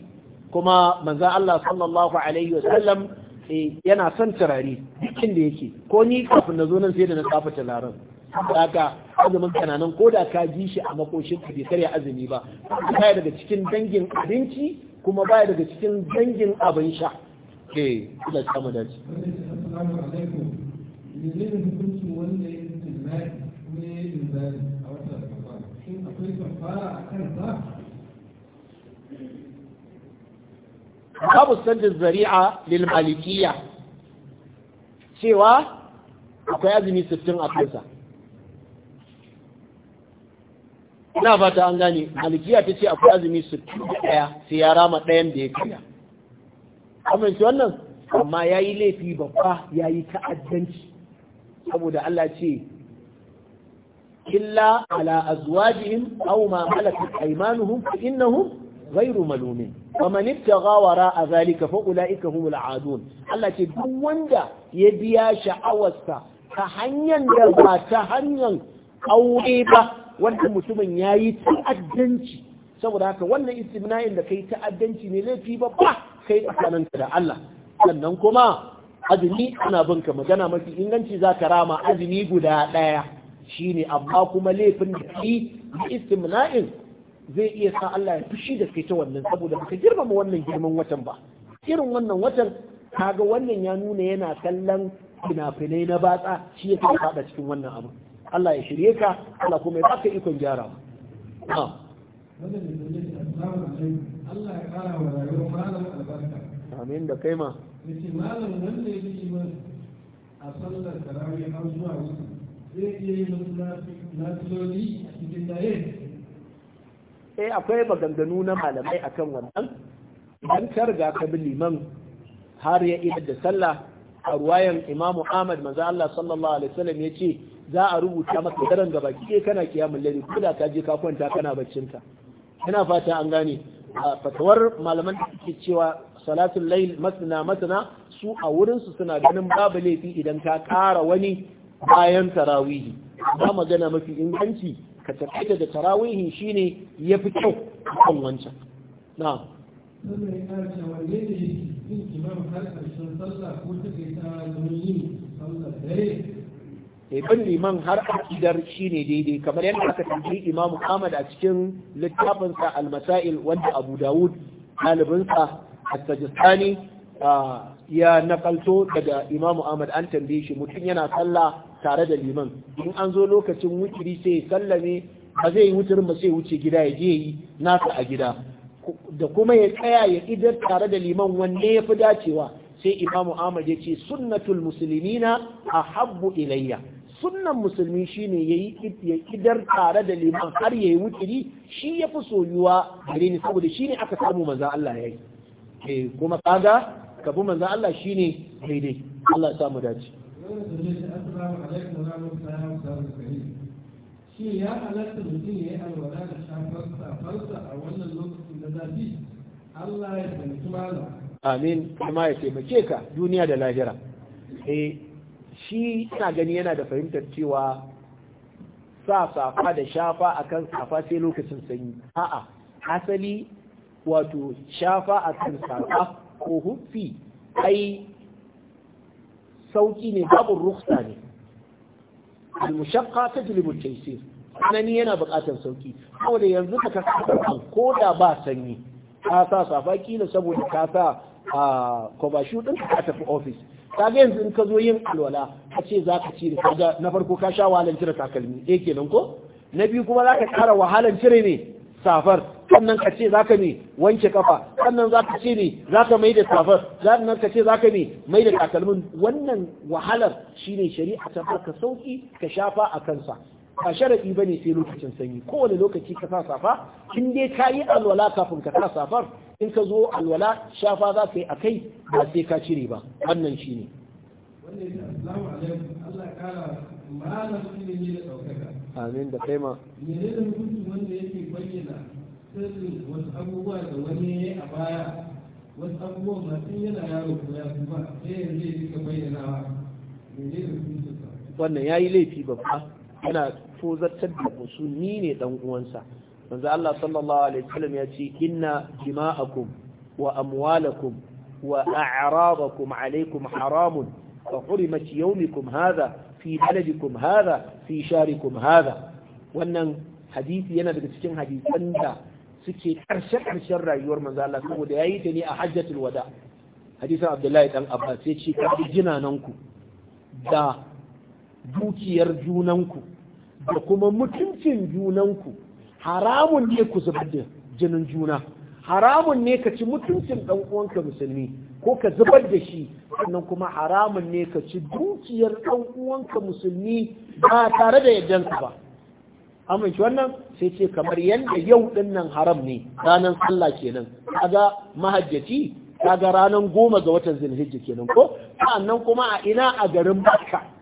kuma manzan Allah sallallahu alaihi wasallam eh, yana son turare dukkan da yake ko ni kafin na zo nan sai da na safa turaren haka azumin kananan ko da ka ji shi a makoshin ka bai karya azumi ba baya daga cikin dangin abinci kuma baya daga cikin dangin abin sha eh ina samu dace Assalamu alaikum. da hukuncin wanda ya yi tunani ne ya yi akwai san zari'a lil malikiyya cewa akwai azumi sittin a kansa ina fata an gane malikiya ta ce akwai azumi sittin ɗaya sai ya rama ɗayan da ya amma amince wannan amma ya yi laifi babba ya yi ta'addanci saboda Allah ce illa ala azwajihim aw ma malakat aymanuhum fa innahum ghayru malumin faman ibtagha wara'a zalika fa ulaika humul aadun Allah ce duk wanda ya biya sha'awarsa ta hanyar da ba ta hanyar aure ba wanda mutumin yayi ta'addanci saboda haka wannan istimna'in da kai ta'addanci ne laifi ba ba kai tsakaninka da Allah sannan kuma azumi ana binka magana mafi inganci za ka rama azumi guda ɗaya shine amma kuma laifin da kai da istimna'in zai iya sa Allah ya fushi da kai ta wannan saboda baka girmama wannan girman watan ba irin wannan watan kaga wannan ya nuna yana kallon fina-finai na batsa shi ya fi faɗa cikin wannan abu Allah ya shirye ka Allah kuma ya baka ikon gyara ba Allah ya kara wa rayuwar malam albarka amin da kai ma malam wanda yake a sallar tarawih har zuwa wasu eh akwai maganganu na malamai akan wannan idan ka ka bi liman har ya idar da sallah a ruwayan imamu ahmad maza Allah sallallahu alaihi wasallam ce za a rubuta maka daren gaba kike kana kiyamun lari ko da ka je ka kwanta kana baccinta. ka ina fata an gane a fatawar malaman da suke cewa salatun Lai masna masna su a wurinsu suna ganin babu laifi idan ka ƙara wani bayan tarawihi ba magana mafi inganci ka taƙaita da tarawihi shine ya fi kyau kan wancan na Ibn liman har akidar shi ne daidai kamar yadda aka tambayi Imam Ahmad a cikin littafinsa al-Masail wanda Abu Dawud ɗalibinsa At-Tajistani ah, ya nakalto daga Imam Ahmad an tambaye shi mutum yana sallah tare da liman in an zo lokacin wutiri sai sallame ba zai yi wutirin ba sai wuce gida ya je yi nasa a gida da kuma ya tsaya ya idar tare da liman wanne ya fi dacewa sai imamu ahmad ya ce sunnatul musulmina a habbu ilayya sunnan musulmi shine yayi ya idar tare da liman har yayi wutiri shi ya fi soyuwa gare ni saboda shine aka samu manzon Allah ya yi. Eh, kuma kaga kabu manzon Allah shine daidai Allah ya samu dace irin su ne ta asalamu alaikum wa rahmatullahi wa barakatuh shi ya halatta mutum ya yi alwala da shafar safarsa a wannan lokacin da zafi Allah ya tsanci malam amin kuma ya taimake ka duniya da lahira eh shi ina gani yana da fahimtar cewa sa safa da shafa akan safa sai lokacin sanyi a'a asali wato shafa akan safa ko huffi ai sauki ne babu ruksa ne al-mushaqqa tajlibu al taysir tsanani yana buƙatar sauki saboda yanzu ka kasa ko da ba sanyi ka sa safa kila saboda ka sa a kwabashu din ka tafi ofis ka ga yanzu in ka zo yin alwala ka ce za ka cire kaga na farko ka sha wahalan cire takalmi eh kenan ko na biyu kuma za ka ƙara wahalan cire ne safar sannan ka ce zaka ne wanke kafa sannan zaka ce ne zaka mai da safar sannan ka ce zaka ne mai da takalmin wannan wahalar shine shari'a ta baka sauki ka shafa a kansa ba sharaɗi ba ne sai lokacin sanyi kowane lokaci ka sa safa in dai ka yi alwala kafin ka sa safar in ka zo alwala shafa za ka yi a kai ba sai ka cire ba wannan shine wanda yake assalamu alaikum Allah ya kara malam ilimi da ɗaukaka amin da kai ma menene hukunci wanda yake bayyana sirrin wasu abubuwa da wani ya a baya wasu abubuwa masu yana yaro ko ya kuma sai yanzu ya rika bayyanawa menene hukuncin wannan ya yi laifi babba yana tozartar da wasu ni ne dan uwansa manzo Allah sallallahu alaihi wasallam ya ce inna dima'akum wa amwalakum wa a'radakum alaikum haramun فحرمت يومكم هذا في بلدكم هذا في شاركم هذا wannan hadisi yana daga cikin hadisan da suke karshe karshen rayuwar manzo Allah saboda yayi ta ne a hajjatul wada Hadisan Abdullahi dan Abbas sai ce ka jinananku da dukiyar junanku da kuma mutuncin junanku haramun ne ku zubar da jinin juna haramun ne ka ci mutuncin dan uwanka musulmi ko ka zubar da shi sannan kuma haramun ne ka ci dukiyar ɗan uwanka musulmi ba tare da yaddansa ba amince wannan sai ce kamar yadda yau ɗin nan haram ne ranar sallah kenan kaga mahajjaci kaga ranar goma ga watan zulhijja kenan ko sannan kuma a ina a garin baka.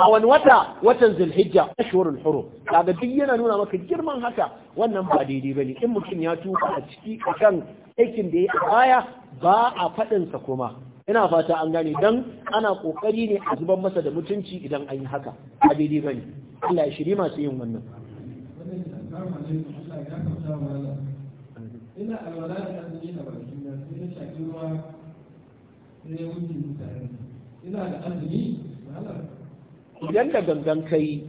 a wani wata watan zulhijja ashhurul hurum kaga duk yana nuna maka girman haka wannan ba daidai bane in mutum ya tuka a ciki kan aikin da ya baya ba a faɗinsa sa kuma ina fata an gane dan ana kokari ne a zuban masa da mutunci idan an yi haka ba daidai bane Allah ya shiri masu yin wannan ina da azumi idan da gangan kai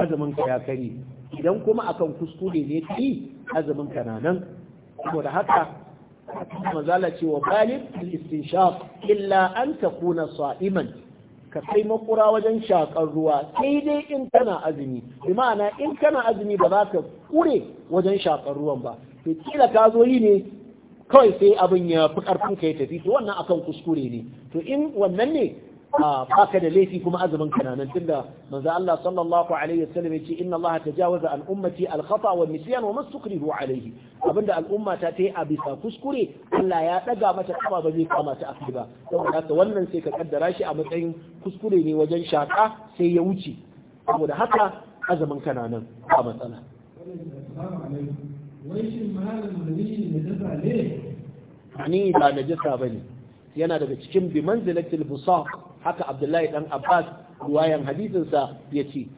azumin ka ya kare idan kuma akan kuskure ne kai azumin ka na nan saboda haka mazala ce wa balib bil istinshaq illa an takuna sa'iman ka kai makura wajen shakar ruwa sai dai in kana azumi bi ma'ana in kana azumi ba za ka kure wajen shakar ruwan ba to kila ka zo yi ne kawai sai abin ya fi karfin ka ya tafi to wannan akan kuskure ne to in wannan ne baka da laifi kuma azumin kananan tunda manzo Allah sallallahu alaihi wasallam yace inna Allah tajawaza an ummati al khata wa nisyan wa mastukrihu alaihi abinda al'umma ta yi a bisa kuskure Allah ya daga mata kafa ba zai kama ta akai ba saboda haka wannan sai ka kaddara shi a matsayin kuskure ne wajen shaka sai ya wuce saboda haka azumin kananan ba matsala wai shin malam ne da ta ne ba yana daga cikin bi manzilatil busaq haka abdullahi dan abbas ruwayan hadisinsa ya ce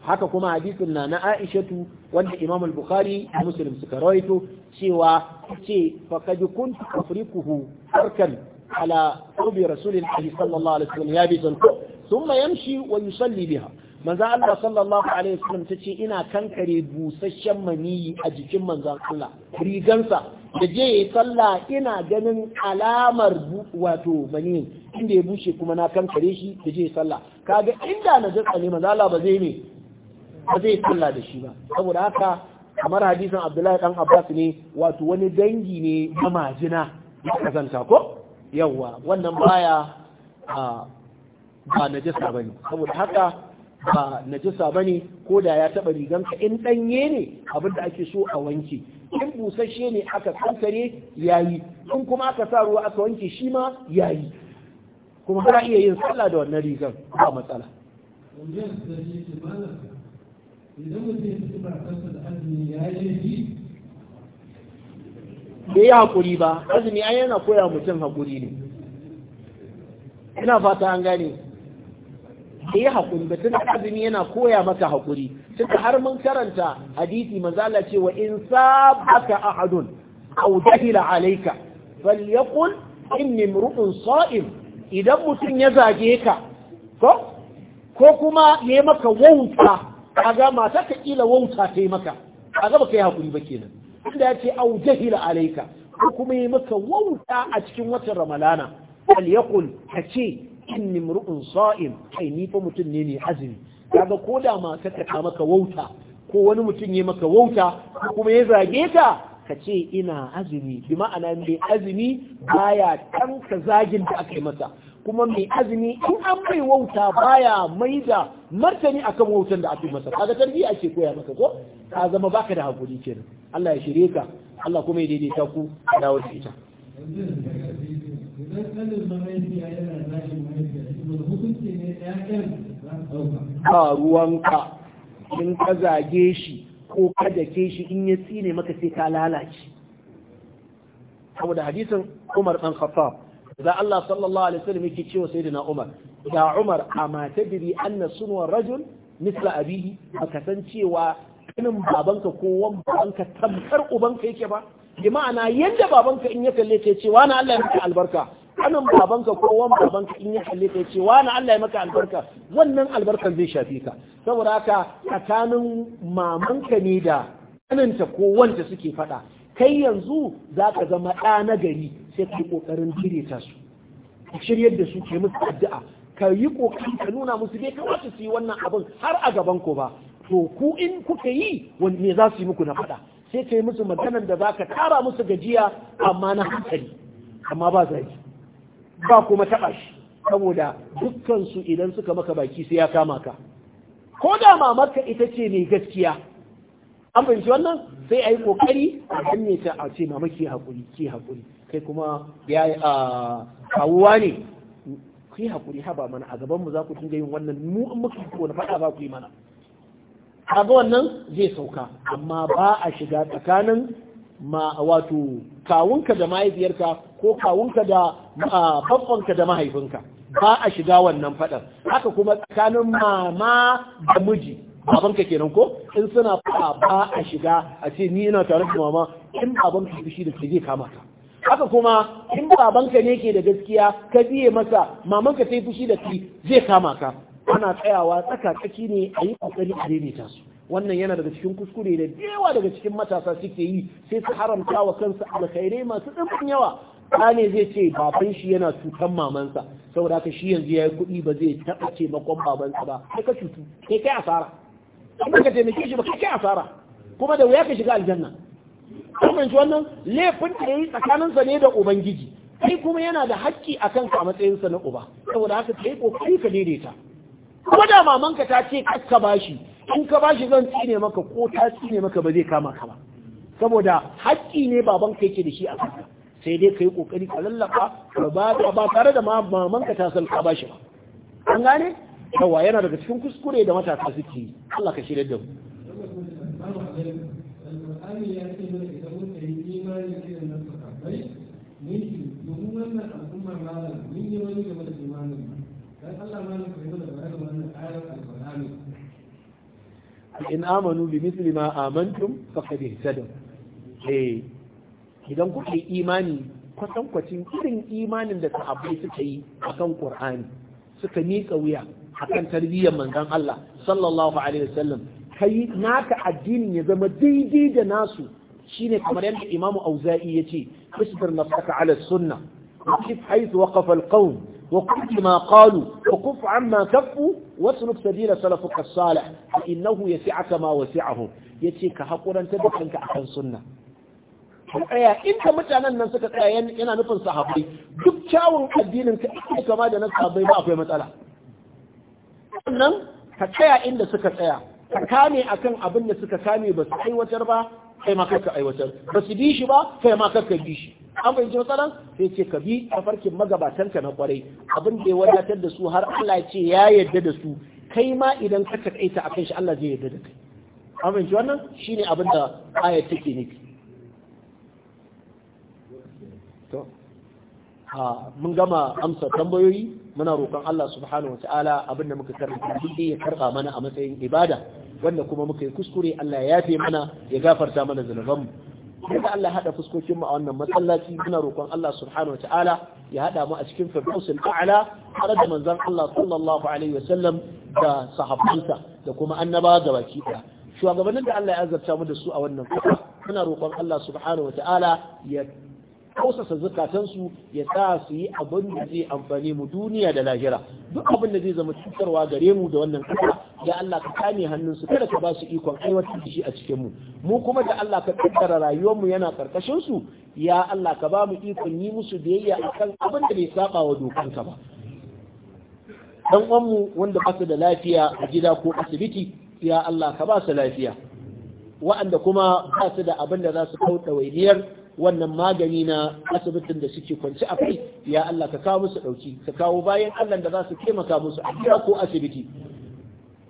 haka kuma hadisin na na aishatu wanda imam al-bukhari da muslim suka rawaito cewa ce fa kad kuntu afrikuhu harkan ala qurbi rasulillahi sallallahu alaihi wasallam yabisan thumma yamshi wa yusalli biha manzan Allah sallallahu alaihi wasallam ta ce ina kankare busasshen maniyi a jikin manzan Allah rigansa da je yi sallah ina ganin alamar wato maniyin inda ya bushe kuma na kankare shi da je yi sallah kaga inda na jatsa ne manzan Allah ba zai ne ba zai sallah da shi ba saboda haka kamar hadisin Abdullahi dan Abbas ne wato wani dangi ne na majina ya kazanta ko yawa wannan baya ba najasa bane saboda haka ba najasa bane ko da ya taba riganka in danye ne abin da ake so a wanke in busasshe ne aka kankare yayi in kuma aka sa ruwa aka wanke shi ma yayi kuma kana iya yin sallah da wannan rigan ba matsala idan ya ba azumi bai yi haƙuri ba azumi an yana koya mutum haƙuri ne ina fata an gane Ka yi haƙuri ba tunda azumi yana koya maka haƙuri tunda har mun karanta hadisi manzo Allah ce wa in sabaka ahadun aw dahila alayka falyaqul inni imru'un sa'im idan mutum ya zage ka ko ko kuma yayi maka wauta kaga mata ka kila wauta ta yi maka kaga ba yi haƙuri ba kenan tunda ya yace aw dahila alayka ko kuma yayi maka wauta a cikin watan ramalana falyaqul hace inni nimru'un sa'im kai ni fa mutum ne ne azumi kaga ko da ma ka taka maka wauta ko wani mutum ya maka wauta ko kuma ya zage ka ka ce ina azumi bi ma'ana mai azumi baya tanka zagin da aka yi masa kuma mai azumi in an mai wauta baya mai da martani akan wautan da aka yi masa kaga tarbiyya ake koya maka ko ka zama baka da hakuri kenan Allah ya shirye ka Allah kuma ya daidaita ku da ita idan ruwanka in ka zage shi ko ka dake shi in ya tsine maka sai ka lalace saboda hadisin Umar dan Khattab da Allah sallallahu alaihi wasallam yake cewa sayyidina Umar da Umar amma tadri anna sunwa rajul misla abihi baka san cewa kanin babanka ko wan babanka tamkar ubanka yake ba bi ma'ana yadda babanka in ya kalle ka ce wani Allah ya maka albarka kanin babanka ko babanka in ya kalle ka ce wani Allah ya maka albarka wannan albarkan zai shafi ka saboda haka tsakanin mamanka ne da kaninta ko wanda suke faɗa kai yanzu za ka zama ɗa na gari sai ka yi ƙoƙarin jire ta su ka shiryar da su ke musu addu'a ka yi ƙoƙari ka nuna musu bai kamata su yi wannan abin har a gaban ku ba to ku in kuka yi me za su yi muku na faɗa sai ka yi musu maganar da za ka tara musu gajiya amma na hankali amma ba zai ba kuma taɓa shi saboda dukkansu idan suka maka baki sai ya kama ka ko da mamarka ita ce mai gaskiya an fahimci wannan sai a yi kokari a danne ta a ce mama ke haƙuri ke haƙuri kai kuma ya yi a kawuwa ne ku haƙuri haba mana a gaban mu za ku dinga yin wannan mu in ko na faɗa ba ku yi mana kaga wannan zai sauka amma ba a shiga tsakanin ma wato kawunka da mahaifiyarka ko kawunka da babbanka da mahaifinka ba a shiga wannan fadar haka kuma tsakanin mama da miji babanka kenan ko in suna fada ba a shiga a ce ni ina tare da mama in babanka fushi da ke kama ka haka kuma in babanka ne ke da gaskiya ka biye masa mamanka sai fushi da ke zai kama ka ana tsayawa tsakakaki ne a yi kokari a daidaita su wannan yana daga cikin kuskure da yawa daga cikin matasa suke yi sai su haramta wa kansu alkhairai masu ɗimbin yawa ɗa ne zai ce baban shi yana cutan mamansa saboda haka shi yanzu ya yi kuɗi ba zai taɓa makon babansa ba sai ka cutu sai kai asara kuma ka taimake shi ba kai asara kuma da wuya ka shiga aljanna kuma wannan laifin da yayi yi tsakaninsa ne da ubangiji kai kuma yana da haƙƙi a ka a matsayinsa na uba saboda haka kai kokari ka daidaita kuma da mamanka ta ce ka bashi in ka bashi zan tsine maka ko ta tsine maka ba zai kama ka ba saboda haƙƙi ne babanka yake da shi a kanka sai dai ka yi ƙoƙari ka lallaka ba ba tare da mamanka ta san ka bashi ba an gane yawa yana daga cikin kuskure da matasa suke yi Allah ka shirya da mu mun yi wani game da in amanu bi misli ma amantum faqad ihtadaw eh idan kuka yi imani kwatankwacin irin imanin da sahabbai suka yi akan Qur'ani suka miƙa wuya akan tarbiyyar manzon Allah sallallahu alaihi wasallam kai naka addinin ya zama daidai da nasu shine kamar yadda Imam Auza'i yace isbir nafsaka ala sunnah وقف حيث وقف القوم وقف ما قالوا وقف عما كفوا واسلك سبيل سلفك الصالح فإنه يسعك ما وسعه يتيك حقنا أنت بحنك أحسن سنة tsaya ka mutanen nan suka tsaya yana nufin sahabbai duk kyawun addinin ka ake kama da na sahabbai ba akwai matsala sannan ka tsaya inda suka tsaya ka kame akan abin da suka kame ba su aiwatar ba kai ma ka aiwatar ba su bi shi ba kai ma ka bi shi an fahimci matsalan sai ce ka bi tafarkin magabatanka na kwarai abin da ya wadatar da su har Allah ce ya yarda da su kai ma idan ka takaita akan shi Allah zai yarda da kai an fahimci wannan shine abin da ayat take nufi to ha mun gama amsa tambayoyi muna roƙon Allah subhanahu wataala abin da muka karanta duk ya karba mana a matsayin ibada wanda kuma muka yi kuskure Allah ya yafe mana ya gafarta mana zanubanmu da Allah hada fuskokin mu a wannan masallaci muna roƙon Allah subhanahu ta'ala ya hada mu a cikin firdausul a'la har da manzon Allah sallallahu alaihi sallam da sahabbansa da kuma annaba da baki daya shugabannin da Allah ya azabta mu da su a wannan kasa muna roƙon Allah subhanahu ta'ala ya kausasa zukatansu ya sa su yi abin da zai amfani mu duniya da lahira duk abin da zai zama cutarwa gare mu da wannan kasa ya Allah ka kame hannunsu kada ka ba su ikon aiwatar da shi a cikin mu mu kuma da Allah ka kaddara rayuwar mu yana karkashin su ya Allah ka ba mu ikon yi musu biyayya akan abin da bai saba wa dokanka ba dan uwan mu wanda ba su da lafiya a gida ko asibiti ya Allah ka ba su lafiya wa'anda kuma ba su da abin da za su kauta wainiyar wannan magani na asibitin da suke kwanci a kai ya Allah ka kawo musu ɗauki ka kawo bayan Allah da za su taimaka musu a gida ko asibiti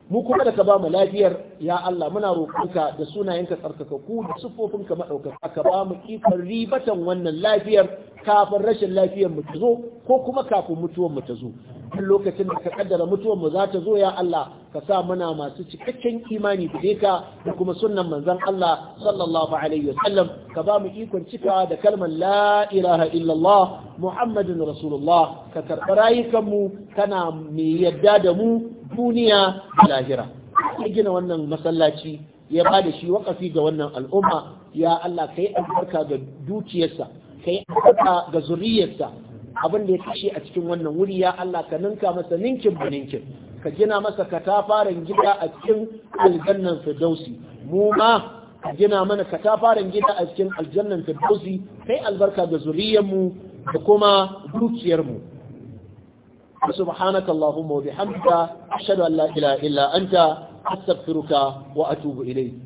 mu kuma da ka ba mu lafiyar ya Allah muna roƙonka da sunayenka tsarkakakku da siffofinka maɗaukaka ka ba mu ikon ribatan wannan lafiyar kafin rashin lafiyar mu zo ko kuma kafin mutuwar mu ta zo duk lokacin da ka kaddara mutuwar mu za ta zo ya Allah ka sa muna masu cikakken imani da ka da kuma sunnan manzon Allah sallallahu alaihi wasallam ka ba mu ikon cika da kalmar la ilaha illallah muhammadin rasulullah ka karɓi rayukan mu kana mai yadda da mu duniya da lahira ya gina wannan masallaci ya ba da shi wakafi ga wannan al'umma ya Allah ka yi albarka ga dukiyarsa ka yi albarka ga zuriyarsa abin da ya kashe a cikin wannan wuri ya Allah ka ninka masa ninkin ba ninkin ka gina masa katafaren gida a cikin aljannan firdausi mu ma ka gina mana katafaren gida a cikin aljannan firdausi kai albarka ga zuriyarmu da kuma dukiyarmu سبحانك اللهم وبحمدك أشهد أن لا إله إلا أنت أستغفرك وأتوب إليك